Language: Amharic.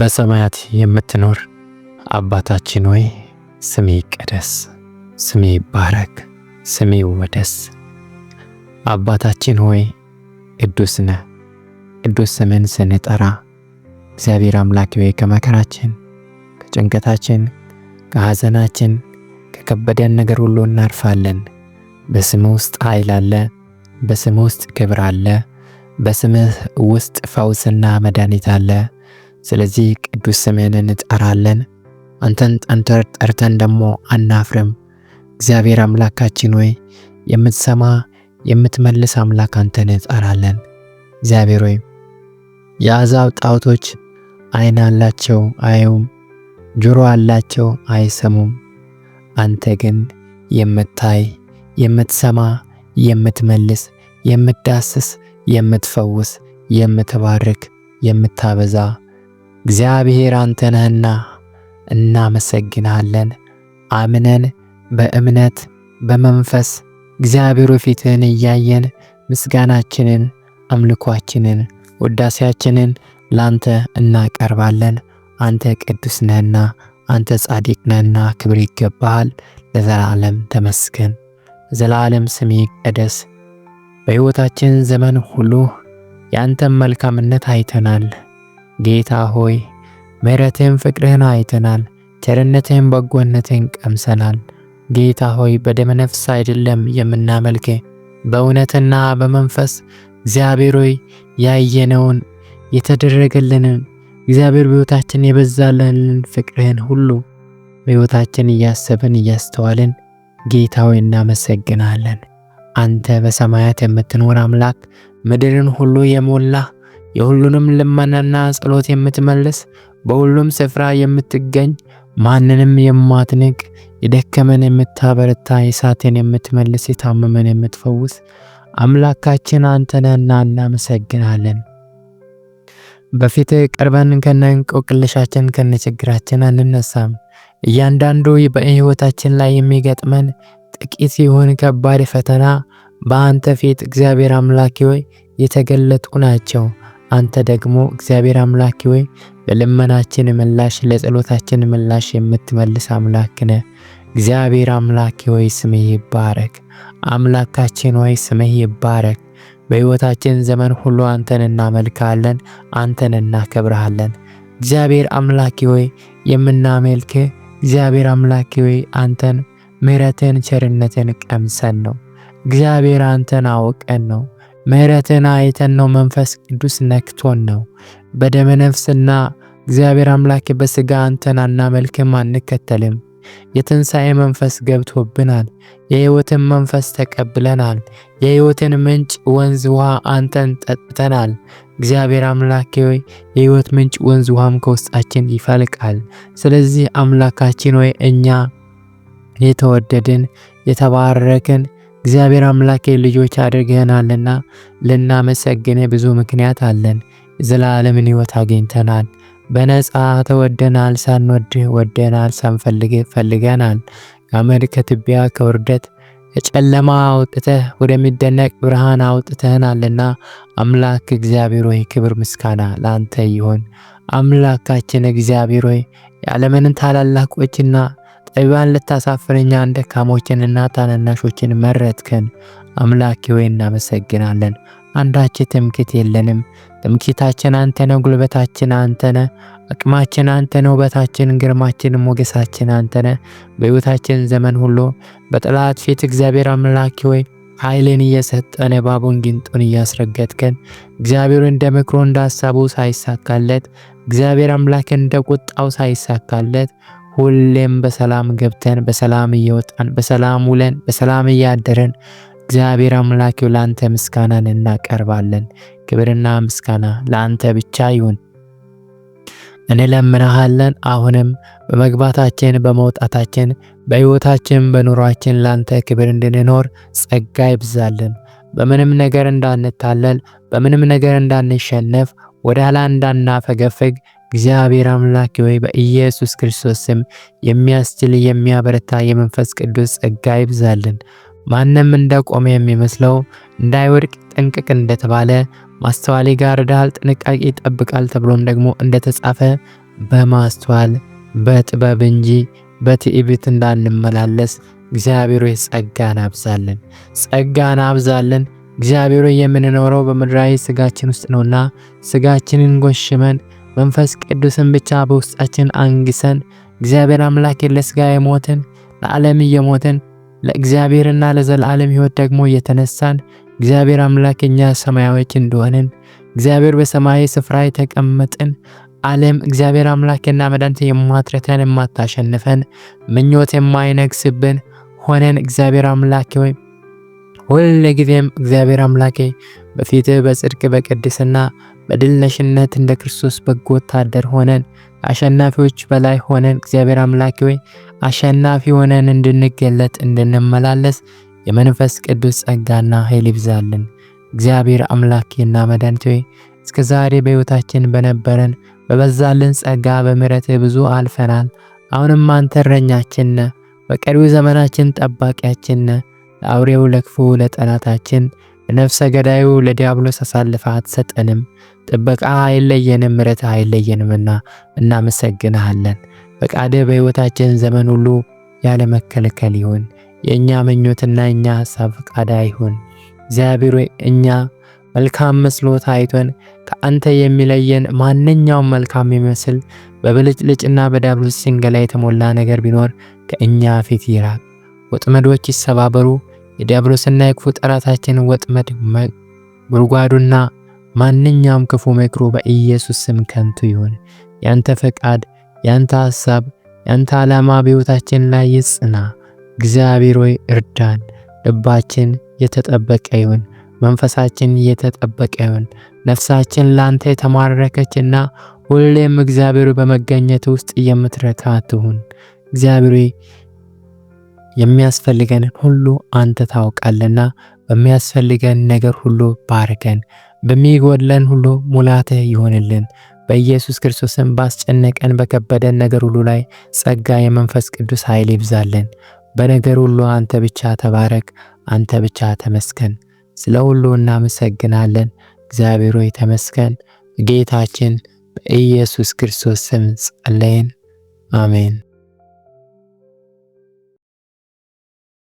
በሰማያት የምትኖር አባታችን ሆይ ስሜ ይቀደስ፣ ስሜ ይባረክ፣ ስሜ ይወደስ። አባታችን ሆይ ቅዱስ ነህ። ቅዱስ ስምን ስንጠራ እግዚአብሔር አምላክ ሆይ ከመከራችን፣ ከጭንቀታችን፣ ከሐዘናችን፣ ከከበደን ነገር ሁሉ እናርፋለን። በስም ውስጥ ኃይል አለ። በስም ውስጥ ክብር አለ። በስምህ ውስጥ ፈውስና መድኃኒት አለ። ስለዚህ ቅዱስ ስምህን እንጠራለን። አንተን ጠንተር ጠርተን ደግሞ አናፍርም። እግዚአብሔር አምላካችን ሆይ የምትሰማ የምትመልስ አምላክ አንተን እንጠራለን። እግዚአብሔር ሆይ የአሕዛብ ጣዖቶች ዓይን አላቸው አያዩም፣ ጆሮ አላቸው አይሰሙም። አንተ ግን የምታይ የምትሰማ የምትመልስ የምትዳስስ የምትፈውስ የምትባርክ የምታበዛ እግዚአብሔር አንተ ነህና እናመሰግናለን። አምነን በእምነት በመንፈስ እግዚአብሔር ፊትህን እያየን ምስጋናችንን፣ አምልኳችንን፣ ውዳሴያችንን ላንተ እናቀርባለን። አንተ ቅዱስ ነህና፣ አንተ ጻድቅ ነህና ክብር ይገባሃል። ለዘላለም ተመስገን። ዘላለም ስሜ ቀደስ። በሕይወታችን ዘመን ሁሉ የአንተን መልካምነት አይተናል። ጌታ ሆይ ምሕረትህን ፍቅርህን አይተናል፣ ቸርነትህን በጎነትህን ቀምሰናል። ጌታ ሆይ በደመ ነፍስ አይደለም የምናመልክ በእውነትና በመንፈስ እግዚአብሔር ሆይ ያየነውን የተደረገልንን እግዚአብሔር በሕይወታችን የበዛልንን ፍቅርህን ሁሉ በሕይወታችን እያሰብን እያስተዋልን ጌታ ሆይ እናመሰግናለን። አንተ በሰማያት የምትኖር አምላክ ምድርን ሁሉ የሞላህ የሁሉንም ልመናና ጸሎት የምትመልስ በሁሉም ስፍራ የምትገኝ ማንንም የማትንቅ የደከመን የምታበረታ የሳትን የምትመልስ የታመመን የምትፈውስ አምላካችን አንተነና እናመሰግናለን። በፊት ቀርበን ከነንቆቅልሻችን ከነችግራችን አንነሳም። እያንዳንዱ በሕይወታችን ላይ የሚገጥመን ጥቂት ይሁን ከባድ ፈተና በአንተ ፊት እግዚአብሔር አምላኪ ሆይ የተገለጡ ናቸው። አንተ ደግሞ እግዚአብሔር አምላክ ወይ ለልመናችን ምላሽ ለጸሎታችን ምላሽ የምትመልስ አምላክ ነ እግዚአብሔር አምላክ ወይ ስምህ ይባረክ። አምላካችን ወይ ስምህ ይባረክ። በሕይወታችን ዘመን ሁሉ አንተን እናመልካለን፣ አንተን እናከብረሃለን። እግዚአብሔር አምላክ ወይ የምናመልክ እግዚአብሔር አምላክ ወይ አንተን ምሕረትን ቸርነትን ቀምሰን ነው እግዚአብሔር አንተን አውቀን ነው ምሕረትን አይተን ነው። መንፈስ ቅዱስ ነክቶን ነው። በደመነፍስና እግዚአብሔር አምላክ በስጋ አንተን አናመልክም፣ አንከተልም። የትንሣኤ መንፈስ ገብቶብናል። የሕይወትን መንፈስ ተቀብለናል። የሕይወትን ምንጭ ወንዝ ውሃ አንተን ጠጥተናል። እግዚአብሔር አምላኬ ሆይ የሕይወት ምንጭ ወንዝ ውሃም ከውስጣችን ይፈልቃል። ስለዚህ አምላካችን ሆይ እኛ የተወደድን የተባረክን እግዚአብሔር አምላኬ ልጆች አድርገናልና ልናመሰግንህ ብዙ ምክንያት አለን። ዘላለምን ሕይወት አግኝተናል። በነፃ ተወደናል። ሳንወድህ ወደናል። ሳንፈልግህ ፈልገናል። ከአመድ ከትቢያ ከውርደት ከጨለማ አውጥተህ ወደሚደነቅ ብርሃን አውጥተህናልና አምላክ እግዚአብሔር ሆይ ክብር ምስጋና ለአንተ ይሁን። አምላካችን እግዚአብሔር ሆይ የዓለምን ታላላቆችና ጠቢባን ልታሳፍር እኛን ደካሞችንና ታናናሾችን መረጥከን። አምላኬ ሆይ እናመሰግናለን። አንዳች ትምክት የለንም። ትምክታችን አንተ ነው፣ ጉልበታችን አንተ ነ፣ አቅማችን አንተ ነው፣ ውበታችን፣ ግርማችን፣ ሞገሳችን አንተ ነ። በሕይወታችን ዘመን ሁሉ በጠላት ፊት እግዚአብሔር አምላኬ ሆይ ኃይልን እየሰጠን እባቡን ጊንጡን እያስረገጥከን እግዚአብሔር እንደ ምክሮ እንደ ሐሳቡ ሳይሳካለት እግዚአብሔር አምላክን እንደ ቁጣው ሳይሳካለት ሁሌም በሰላም ገብተን በሰላም እየወጣን በሰላም ውለን በሰላም እያደረን እግዚአብሔር አምላክ ለአንተ ምስጋናን እናቀርባለን። ክብርና ምስጋና ለአንተ ብቻ ይሁን። እንለምናሃለን። አሁንም በመግባታችን በመውጣታችን፣ በሕይወታችን፣ በኑሯችን ላንተ ክብር እንድንኖር ጸጋ ይብዛልን። በምንም ነገር እንዳንታለል፣ በምንም ነገር እንዳንሸነፍ፣ ወደ ኋላ እንዳናፈገፍግ እግዚአብሔር አምላክ ሆይ በኢየሱስ ክርስቶስ ስም የሚያስችል የሚያበረታ የመንፈስ ቅዱስ ጸጋ ይብዛልን። ማንም እንደቆመ የሚመስለው እንዳይወድቅ ጠንቅቅ እንደተባለ ማስተዋል ይጋርዳል፣ ጥንቃቄ ይጠብቃል ተብሎም ደግሞ እንደተጻፈ በማስተዋል በጥበብ እንጂ በትዕቢት እንዳንመላለስ እግዚአብሔር ጸጋን አብዛልን፣ ጸጋን አብዛልን። እግዚአብሔር የምንኖረው በምድራዊ ስጋችን ውስጥ ነውና ስጋችንን ጎሽመን መንፈስ ቅዱስን ብቻ በውስጣችን አንግሰን እግዚአብሔር አምላኬን ለስጋ የሞትን ለዓለም እየሞትን ለእግዚአብሔርና ለዘላለም ሕይወት ደግሞ እየተነሳን እግዚአብሔር አምላክ እኛ ሰማያዎች እንደሆንን እግዚአብሔር በሰማይ ስፍራ የተቀመጥን ዓለም እግዚአብሔር አምላክና መድኃኒት የማትረተን የማታሸንፈን ምኞት የማይነግስብን ሆነን እግዚአብሔር አምላክ ሆይ ሁል ጊዜም እግዚአብሔር አምላኬ በፊትህ በጽድቅ በቅድስና በድልነሽነት እንደ ክርስቶስ በጎ ወታደር ሆነን አሸናፊዎች በላይ ሆነን እግዚአብሔር አምላኬ ወይ አሸናፊ ሆነን እንድንገለጥ እንድንመላለስ የመንፈስ ቅዱስ ጸጋና ኃይል ይብዛልን። እግዚአብሔር አምላኬና መድኃኒቴ እስከ ዛሬ በሕይወታችን በነበረን በበዛልን ጸጋ በምሕረትህ ብዙ አልፈናል። አሁንም አንተ እረኛችን ነህ፣ በቀሪው ዘመናችን ጠባቂያችን ነህ። ለአውሬው ለክፉ ለጠላታችን ለነፍሰ ገዳዩ ለዲያብሎስ አሳልፈ አትሰጠንም። ጥበቃ አይለየንም፣ ምረት አይለየንምና እናመሰግንሃለን። ፈቃድ በሕይወታችን ዘመን ሁሉ ያለ መከልከል ይሁን። የእኛ ምኞትና የእኛ ሀሳብ ፈቃድ አይሁን። እግዚአብሔር እኛ መልካም መስሎ ታይቶን ከአንተ የሚለየን ማንኛውም መልካም የሚመስል በብልጭልጭና በዲያብሎስ ሲንገላ የተሞላ ነገር ቢኖር ከእኛ ፊት ይራቅ። ወጥመዶች ይሰባበሩ የዲያብሎስና የክፉ ጠላታችን ወጥመድ ጉድጓዱና ማንኛውም ክፉ መክሮ በኢየሱስ ስም ከንቱ ይሁን። ያንተ ፈቃድ፣ ያንተ ሐሳብ፣ ያንተ ዓላማ በሕይወታችን ላይ ይጽና። እግዚአብሔር ሆይ እርዳን። ልባችን የተጠበቀ ይሁን። መንፈሳችን የተጠበቀ ይሁን። ነፍሳችን ላንተ የተማረከችና ሁሌም እግዚአብሔር በመገኘት ውስጥ የምትረካ ትሁን። እግዚአብሔር የሚያስፈልገንን ሁሉ አንተ ታውቃለና በሚያስፈልገን ነገር ሁሉ ባርከን፣ በሚጎለን ሁሉ ሙላተ ይሆንልን። በኢየሱስ ክርስቶስም ባስጨነቀን በከበደን ነገር ሁሉ ላይ ጸጋ የመንፈስ ቅዱስ ኃይል ይብዛልን። በነገር ሁሉ አንተ ብቻ ተባረክ፣ አንተ ብቻ ተመስገን። ስለ ሁሉ እናመሰግናለን። እግዚአብሔር ሆይ ተመስገን። በኢየሱስ ክርስቶስ ስም ጸለይን፣ አሜን።